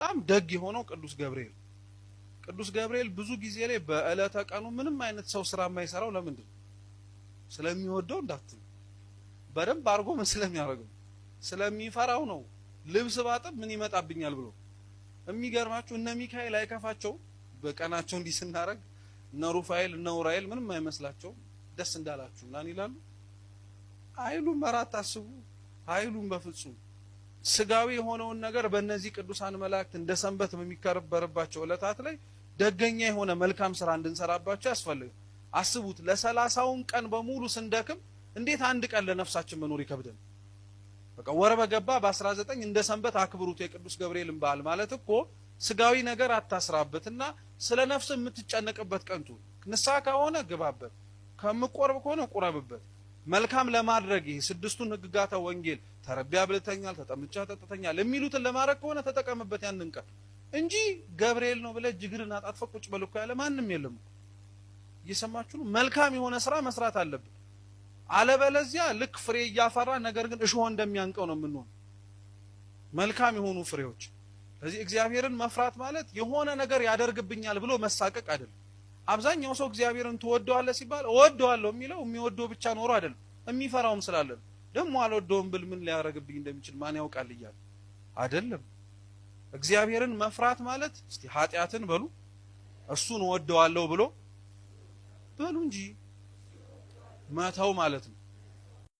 በጣም ደግ የሆነው ቅዱስ ገብርኤል ቅዱስ ገብርኤል ብዙ ጊዜ ላይ በእለተ ቀኑ ምንም አይነት ሰው ስራ የማይሰራው ለምንድን ነው? ስለሚወደው እንዳትል በደንብ አድርጎ ምን ስለሚያደርገው ስለሚፈራው ነው። ልብስ ባጥብ ምን ይመጣብኛል ብሎ የሚገርማችሁ እነ ሚካኤል አይከፋቸው በቀናቸው እንዲህ ስናደርግ እነ ሩፋኤል እነ ኡራኤል ምንም አይመስላቸው ደስ እንዳላችሁ እናን ይላሉ አይሉም። መራት አታስቡ ኃይሉን በፍጹም ስጋዊ የሆነውን ነገር በእነዚህ ቅዱሳን መላእክት እንደ ሰንበት በሚከበርባቸው እለታት ላይ ደገኛ የሆነ መልካም ስራ እንድንሰራባቸው ያስፈልግ። አስቡት ለሰላሳውን ቀን በሙሉ ስንደክም እንዴት አንድ ቀን ለነፍሳችን መኖር ይከብደን? በቃ ወር በገባ በ19 እንደ ሰንበት አክብሩት የቅዱስ ገብርኤልን በዓል ማለት እኮ ስጋዊ ነገር አታስራበትና ስለ ነፍስ የምትጨነቅበት ቀንቱ ንስሐ ከሆነ ግባበት፣ ከምቆርብ ከሆነ ቁረብበት። መልካም ለማድረግ ይሄ ስድስቱን ህግጋታ ወንጌል ተረቢያ አብልተኛል፣ ተጠምቻ ጠጥተኛል የሚሉትን ለማድረግ ከሆነ ተጠቀምበት ያንን ቀን እንጂ ገብርኤል ነው ብለህ ጅግርን አጣጥፈህ ቁጭ በል እኮ ያለ ማንም የለም። እየሰማችሁ ነው። መልካም የሆነ ስራ መስራት አለብን። አለበለዚያ ልክ ፍሬ እያፈራ ነገር ግን እሾህ እንደሚያንቀው ነው የምንሆነው። መልካም የሆኑ ፍሬዎች። ስለዚህ እግዚአብሔርን መፍራት ማለት የሆነ ነገር ያደርግብኛል ብሎ መሳቀቅ አይደለም። አብዛኛው ሰው እግዚአብሔርን ትወደዋለህ ሲባል እወደዋለሁ የሚለው የሚወደው ብቻ ኖሮ አይደለም፣ የሚፈራውም ስላለ ነው። ደግሞ አልወደውም ብል ምን ሊያደርግብኝ እንደሚችል ማን ያውቃል እያለ አይደለም። እግዚአብሔርን መፍራት ማለት እስቲ ኃጢአትን በሉ እሱን እወደዋለሁ ብሎ በሉ እንጂ መተው ማለት ነው።